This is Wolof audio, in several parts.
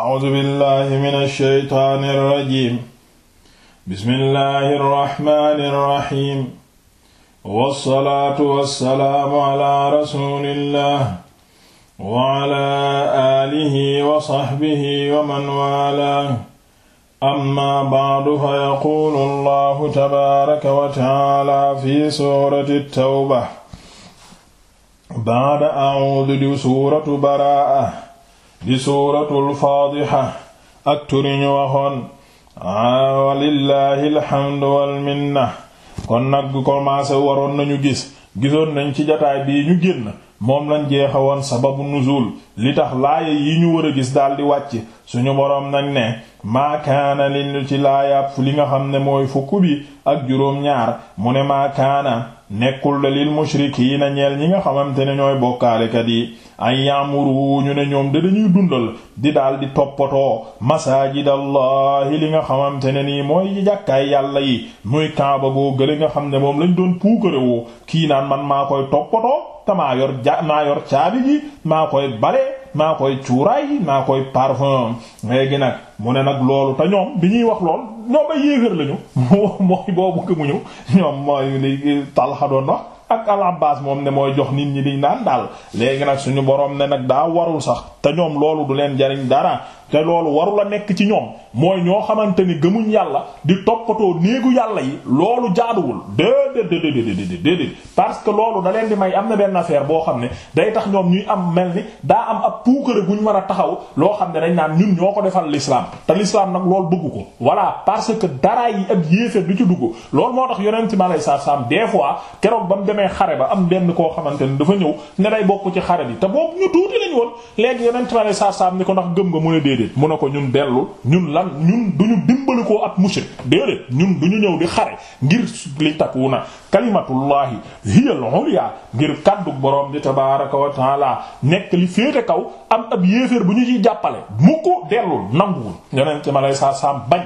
A'uuzu billaahi mina shaytaani rajiim. Bismillaahi rahmaani rahiim. Wassalaatu wassalaamu alaa rasuulillaah wa alaa aalihi wa sahbihi wa man waalaah. Ammaa ba'du fa yaquulu Allaahu tabaaraka wa ta'aalaa fi suurati Tawba. Ba'da a'uudu bi suuratu Baraa'a. di suuratul faadiha ak ñu waxoon a walillahi alhamdu wal kon nag commencé waroon nañu gis gisoon nañ ci jataay bii ñu génn moom lañ jeexe woon sababu nuzul li tax laaya yi ñu war a gis daal di wàcc suñu boroom nag ne maakaana li ci laaya li nga xam ne mooy fukk bi ak juróom-ñaar mu ne maakaana nekkul de lil mushrikiina ñeel ñi nga xamante ne ñooy bokkaalekat yi ay yamuru ñu ne ñoom de dañuy dundal di daal di toppatoo masaajidallahi li nga xamante ne nii mooy jàkkaay yàlla yi muy kaaba goo gële nga xam ne moom lañ doon puukarewoo kii naan man maa koy toppatoo tamaa yor ja naa yor caabi ji maa koy bale maa koy cuuraay maa koy parfum léegi nag mu ne nag loolu te ñoom bi ñuy wax lool ñoom ay yéeféer lañu mooy boobu gëmuñu ñoom mooy li doon wax ak al abbas moom ne mooy jox nit ñi di naan daal léegi nag suñu borom ne nag daa warul sax te ñoom loolu du leen jariñ dara te loolu warul la nekk ci ñoom mooy ñoo xamante ni gëmuñ yàlla di toppatoo néegu yàlla yi loolu jaaduwul déedéet déedéet déedéet parce que loolu da leen di may am na benn affaire boo xam ne day tax ñoom ñuy am mel daa am ab puukare gu ñu mën a taxaw loo xam ne dañ naan ñun ñoo ko defal l'islam te l'islam nag loolu bëgg ko voilà parce que dara yi ab yéeféer du ci dugg loolu moo tax yonent ma lay saa saam des fois keroog ba mu demee xare ba am benn koo xamante ni dafa ñëw ne day bokk ci xare bi te boobu ñu tuuti lañ woon léegi ko ndax gëm nga mu ne déedéet mu ne ko ñun dellu ñun lan ñun ñu dimbali koo ab mushrik déedéet ñun ñu ñëw di xare ngir li takku na kalimatullahi hiya al-ulya ngir kaddu borom di tabaaraka wa taala nekk li féete kaw am ab yéeféer bu ñu ciy jàppale mu ko dellu nanguwul yonent ma lay sa sam bañ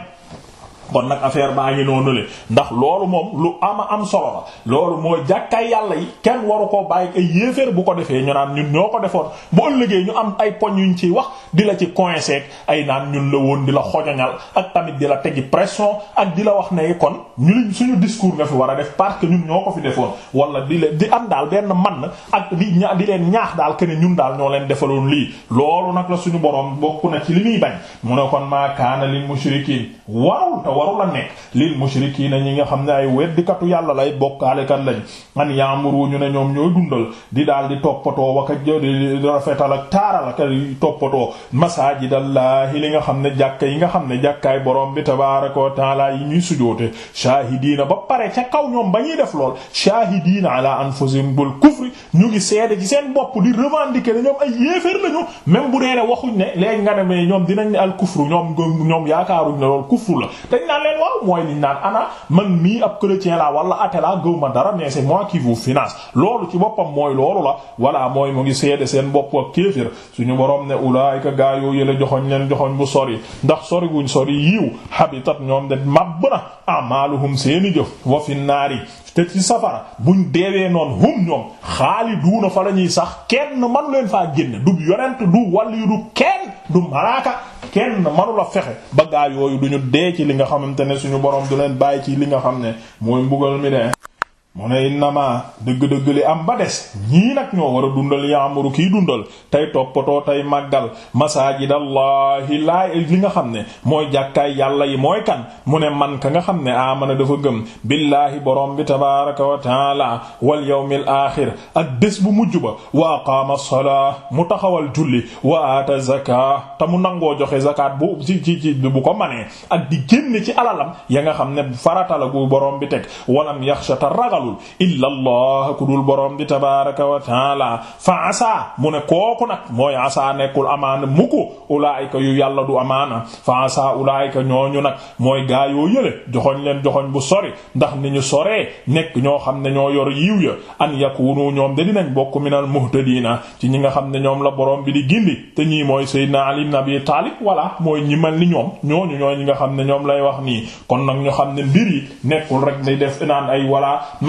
kon nag affaire baa ngi noonu le ndax loolu moom lu ama am solo la loolu mooy jàkkaay yàlla yi kenn waru koo bàyyi ay yéeféer bu ko defee ñu naan ñun ñoo ko defoon bu ëllëgee ñu am ay poñ yuñ ciy wax di la ci coincer ay naan ñun la woon di la xoñoñal ak tamit di la tegi pression ak di la wax ne kon ñu liñ suñu discours nga fi war a def parce que ñun ñoo ko fi defoon wala di leen di am daal benn man ak di ña di leen ñaax daal que ñun daal ñoo leen defaloon lii loolu nag la suñu borom bokk na ci li muy bañ mu ne waru la nekk lil mushrikiina ñi nga xam ne ay weddikatu yàlla lay bokkaalekat lañ an yaamuru ñu ne ñoom ñoo dundal di daal di toppatoo waka rafetal ak taaral ak toppatoo masaajidallahi li nga xam ne jàkka yi nga xam ne jàkkaay borom bi tabaaraka wa taala yi ñuy sujoote shaahidiina ba pare ca kaw ñoom ba ñuy def lool shaahidiina ala anfusihim bil kufri ñu ngi seede ci seen bopp di revendiquer ne ñoom ay yéeféer lañu même bu dee waxuñ ne léegi nga ne ñoom dinañ ne al kufru ñoom ñoom dañ naan leen waaw mooy liñ naan ana man mii ab chrétien la wala athée la gëw ma dara mais c'est moi qui vous finance loolu ci boppam mooy loolu la voilà mooy mu ngi seede seen bopp ak kéefër suñu boroom ne ulaayika gaa yoo yële joxoñ leen joxoñ bu sori ndax sori guñ sori yiiw habitat ñoom de màbb na amaaluhum seeni jëf wa fi naari te ci safara buñ deewee noonu hum ñoom xaaliduuna fa la ñuy sax kenn manu leen faa génne du yonent du waliyu du kenn du malaaka kenn manula fexe ba yooyu du ñu dee ci li nga xamante ne suñu borom du leen bàyyi ci li nga xam ne mooy mbugal mi de mu ne innama dëgg-dëgg li am ba des ñii nag ñoo war a dundal yaamuru kii dundal tey toppatoo tey màggal masajidallahi laay li nga xam ne mooy jàkkaay yàlla yi mooy kan mu ne man ka nga xam ne amana dafa gëm billaahi borom bi tabaraka wa taala wal yawmil aaxir ak bés bu mujj ba wa aqaama salaa mu taxawal julli wa aata zakaa te mu nangoo joxe zakat bu ci ci bu ko manee ak di génn ci alalam ya nga xam ne farata la gu borom bi teg walam yaxsha ta amul illa allah ku dul borom bi tabaraka wa taala fa asa mu ne kooku nag mooy asa nekkul amaana mu ko yu yalla du amaana fa asa ulaayika ñooñu nag mooy gaayoo yële joxoñ leen joxoñ bu sori ndax ni ñu soree nekk ñoo xam ne ñoo yor yiw ya an yakunu ñoom de dinañ bokk minal muhtadina ci ñi nga xam ne ñoom la borom bi di gindi te ñii mooy sayyidina ali ibn abi taalib wala mooy ñi mel ni ñoom ñooñu ñooy ñi nga xam ne ñoom lay wax nii kon nag ñu xam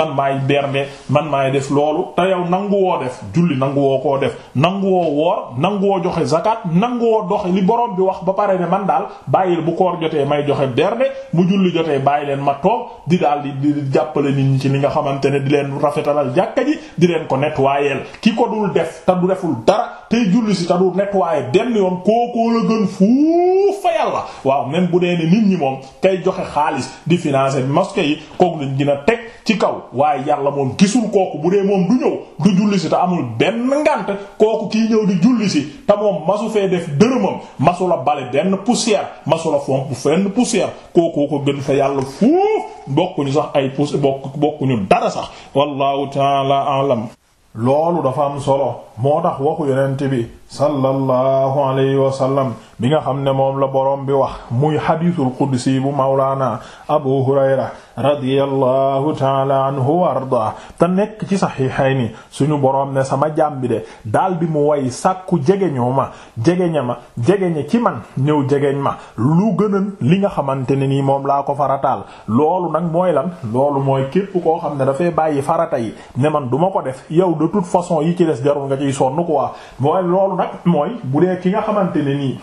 man maay bernde man maay def loolu te yow nangu def julli nangu koo def nangu woor nangu woo joxe zakat nangu woo doxe li borom bi wax ba pare ne man daal bàyyil bu koor jotee may joxe bernde bu julli jotee bàyyi leen ma toog di daal di jàppale nit ñi ci li nga xamante ne di leen rafetalal jàkka ji di leen ko nettoyer ki ko dul def te du deful dara tey julli si te du nettoyer benn yoon kookoo la gën fuuf fa yàlla waaw même bu dee ne nit ñi moom kay joxe xaalis di financer yi kooku lañ gën teg ci kaw waaye yàlla moom gisul kooku bu dee moom du ñëw du julli si te amul benn ngant kooku kii ñëw di julli si te moom masu fee def dërëmam masu la bale benn poussière masu la fomp fenn poussière kooku ko gën fa yàlla fuuf bokkuñu sax ay poussière bokk bokkuñu dara sax wallahu taala alam loolu dafa am solo moo tax waxu yonent bi sallallahu alayhi wa sallam bi nga xam ne moom la boroom bi wax muy xadiisul qudsi bu mawlaana abu hurayra radiyallahu taala anhu wa arda te nekk ci saxiixayni suñu boroom ne sama jaam bi de daal bi mu way sàkku jegeñoo ma jegeña ma jegeñe ci man ñëw jegeñ ma lu gënan li nga xamante ne nii moom laa ko farataal loolu nag mooy lan loolu mooy képp koo xam ne dafay bàyyi farata yi ne man duma ko def yow de toute façon yi ci des jarul ciy sonn quoi mooy loolu nag mooy bu dee ki nga xamante ne nii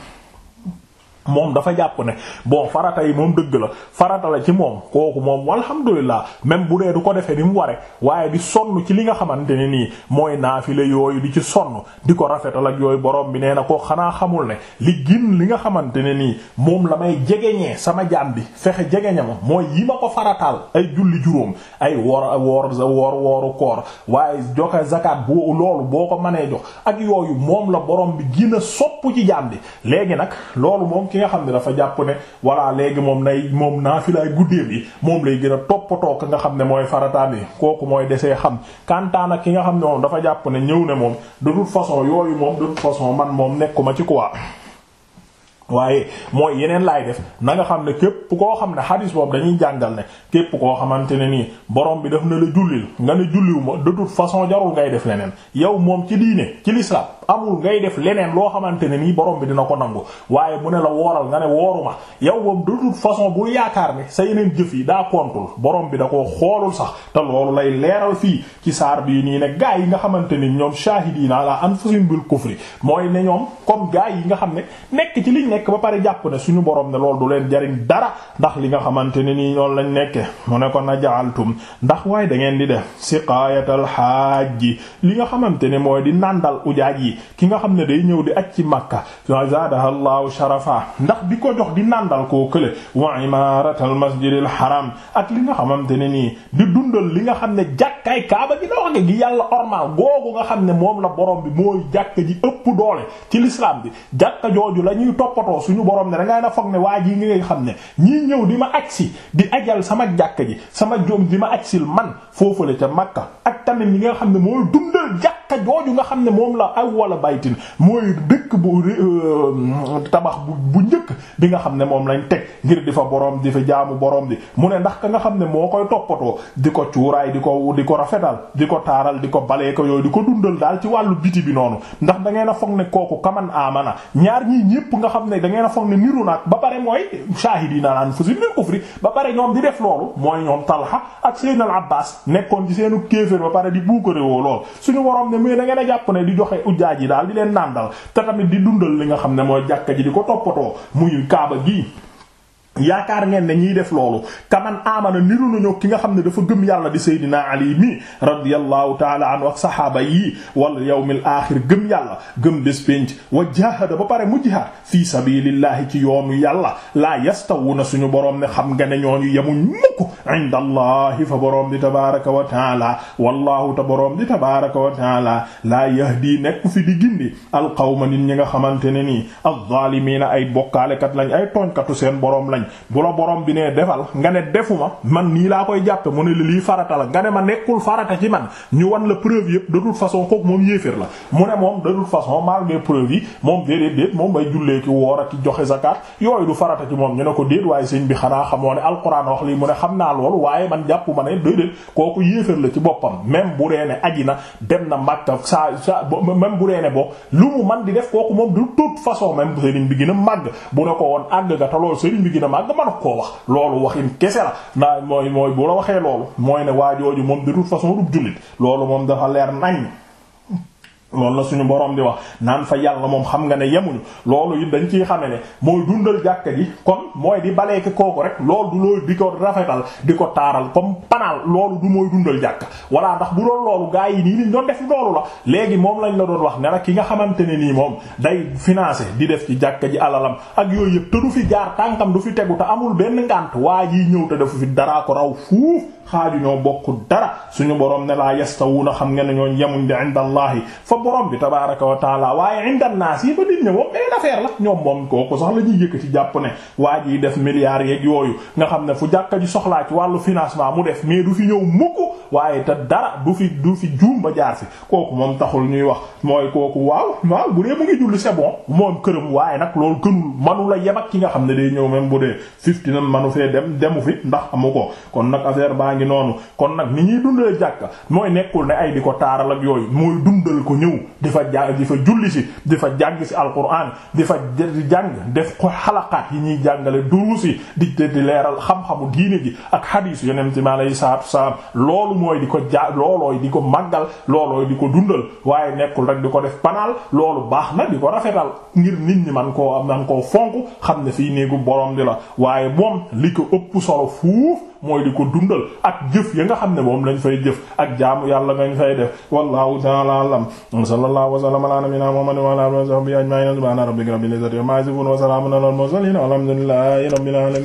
moom dafa jàpp ne bon farata yi moom dëgg la farata ci moom kooku moom alhamdulilah même bu dee du ko defee ni mu ware waaye di sonn ci li nga xamante ne nii mooy naafile yooyu di ci sonn di ko rafetal ak yooyu borom bi nee na koo xanaa xamul ne li gin li nga xamante ne nii moom la may jegeñee sama jaam bi fexe jegeñe ma mooy yi ma ko farataal ay julli juróom ay wor woor woor wooru koor waaye joxe zakat boo loolu boo ko mënee jox ak yooyu moom la borom bi gën sopp ci jaam bi léegi nag loolu ki nga xam ne dafa jàpp ne voilà léegi moom nay moom naa fi naafilaay guddee bi moom lay gën a toppatoo ki nga xam ne mooy farataam yi kooku mooy dese xam kantaan ak ki nga xam ne moom dafa jàpp ne ñëw ne moom de toute façon yooyu moom de façon man moom nekkuma ci quoi waaye mooy yeneen laay def na nga xam ne képp koo xam ne xadis boobu dañuy jàngal ne képp koo xamante ne nii borom bi daf na la jullil nga ne julliwuma de toute façon jarul ngay def leneen yow moom ci diine ci l'islam amul ngay def leneen loo xamante ne nii borom bi dina ko nangu waaye mu ne la wooral nga ne wooruma yow moom de toute façon bul yaakaar ne sa yeneen jëf yi daa kontul borom bi da koo xoolul sax te loolu lay leeral fii ci saar bii nii ne gaa yi nga xamante ni ñoom shahidina ala anfusihim bil kufri mooy ne ñoom comme gaa yi nga xam ne nekk ba pare jàpp ne suñu borom ne loolu ndax li nga xamante ne nii loolu lañ nekke mu ne ko najaaltum ndax waaye da ngeen di def siqaayatal xaaj ji li nga xamante ne mooy di nàndal ujaaj yi ki nga xam ne day ñëw di aj ci makka zaadaha allahu sharafa ndax di ko jox di nàndal koo kële wa imaaratal masjidil haram ak li nga xamante ne nii di dundal li nga xam ne jàkkaay kaaba gi dox gi yàlla ormal googu nga xam ne moom la borom bi mooy jàkka ji ëpp doole ci lislaam bi jàkka jooju lañuy topp toppatoo suñu borom ne da ngay na foog ne waa jii nga xam ne ñii ñëw di ma agsi di ajal sama jàkk ji sama joom di ma agsil man foofule ca Makka tamit ñi nga xam ne mooy dundal jàkka jooju nga xam ne moom la aw wala baytin mooy dëkk bu euh, tabax bu bu njëkk bi nga xam ne moom lañ teg ngir di fa borom di fa jaamu borom di mu ne ndax ka nga xam ne moo koy toppatoo di ko cuuraay di ko di ko rafetal di ko taaral di ko balee ko yooyu di ko dundal daal ci wàllu biti bi noonu ndax da ngeen a foog ne kooku kaman amana ñaar ñii ñépp nga xam ne da ngeen a foog ne niru naag ba pare mooy shahidina an fusil kufri ba pare ñoom di def loolu mooy ñoom Talha ak nekkoon ci seenu pare di buukare woo lool suñu worom ne muy da ngeen a jàpp ne di joxe ujjaaj yi daal di leen nàndal te tamit di dundal li nga xam ne mooy jàkka ji di ko toppatoo muy kaaba gi yaakaar ngeen ne ñiy def loolu kaman amana niru nañu ki nga xam ne dafa gëm yàlla di Seydina Ali mi radiyallahu taala anhu ak sahaaba yi wal yawmil axir gëm yàlla gëm di pénc wa jahada ba pare mu jihaad fii sabilillahi ci yoom yoonu yàlla laa yastawuna suñu boroom ne xam nga ne ñooñu yemuñ mukk inda allahi fa boroom di tabaraka wa taala wallahu ta boroom di tabaraka wa taala laa yahdi nekk fi di gindi alqawma nit ñi nga xamante ne nii alzaalimina ay bokkaalekat lañ ay tooñkatu seen boroom lañ nañ bu la borom bi nee defal nga ne defuma man nii laa koy jàppe mu ne la lii farata la nga ne ma nekkul farata ci man ñu wan la preuve yëpp de toute façon kooku moom yéeféer la mu ne moom de façon malgré preuve moom déedéet moom bay jullee ki woor ak ki joxe zakat yooyu du farata moom ñu ne ko déet waaye sëñ bi xanaa xamoo ne alxuraan wax lii mu ne xam naa loolu waaye man jàpp ma ne kooku yéeféer la ci boppam même bu dee ne aji na dem na Makka saa saa même bu dee ne boo lu mu man di def kooku moom de toute façon même sëriñ bi gën a màgg bu ne ko woon àgg ga te loolu sëriñ bi gën màgg mën koo wax loolu waxin kese la naa mooy mooy bu la waxee loolu mooy ne waa jooju moom de toute façon du jullit loolu moom dafa leer nañ loolu la suñu boroom di wax naan fa yàlla moom xam nga ne yemuñu loolu it dañ ciy xame ne mooy dundal jàkka ji kon mooy di baleeki kooku rek loolu du looy di ko rafetal di ko taaral comme panaal loolu du mooy dundal jàkka voilà ndax bu doon loolu gaa yi nii niñ doon def loolu la léegi moom lañ la doon wax ne ki nga xamante ne nii moom day financé di def ci jàkka ji alalam ak yooyu yëpp te du fi jaar tànkam du fi tegu amul benn ngànt waa jii ñëw te dafa fi daraa ko raw fuuf xaaju bokk dara suñu borom ne laa yastawuna xam nga ne ñoo yemuñ borom bi tabaaraka wa taala waaye inda naas yi ba nit ñi moom beneen affaire la ñoom moom kooku sax la ñuy yëkkati jàpp ne waa ji def milliards yeeg yooyu nga xam ne fu jàkka ji soxlaa ci wàllu financement mu def mais du fi ñëw mukk waaye te dara du fi du fi juum ba jaar fi kooku moom taxul ñuy wax mooy kooku waaw waaw bu dee mu moom këram waaye nag loolu manu la yem ki nga xam ne day ñëw même bu dee fifty na manu fee dem demu fi ndax amu ko kon nag affaire baa ngi noonu kon nag ni ñuy dundalee jàkka mooy nekkul ne ay di ko taaral ak yooyu mooy dundal ko ñëw di fa jàng di fa julli si di fa jàng si alquran di fa jàng def ko xalaqaat yi ñuy jàngale duruus yi di di leeral xam-xamu diine ji ak hadis yonent mi alayhi salaatu wasalaam loolu mooy di ko ja loolooy di ko màggal loolooy di ko dundal waaye nekkul rek di ko def panaal loolu baax na di ko rafetal ngir nit ñi man koo man koo fonk xam ne fii néegu boroom di la waaye moom li ko ëpp solo fuuf mooy di ko dundal ak jëf ya nga xam ne moom lañ fay jëf ak jaamu yàlla ngañ fay def wallahu ta'ala alam sallallahu wa sallama ala nabina muhammadin wa ala alihi wa sahbihi ajma'in subhana rabbika rabbil izzati amma yasifun wa salamun ala al mursalin walhamdulillahi rabbil alamin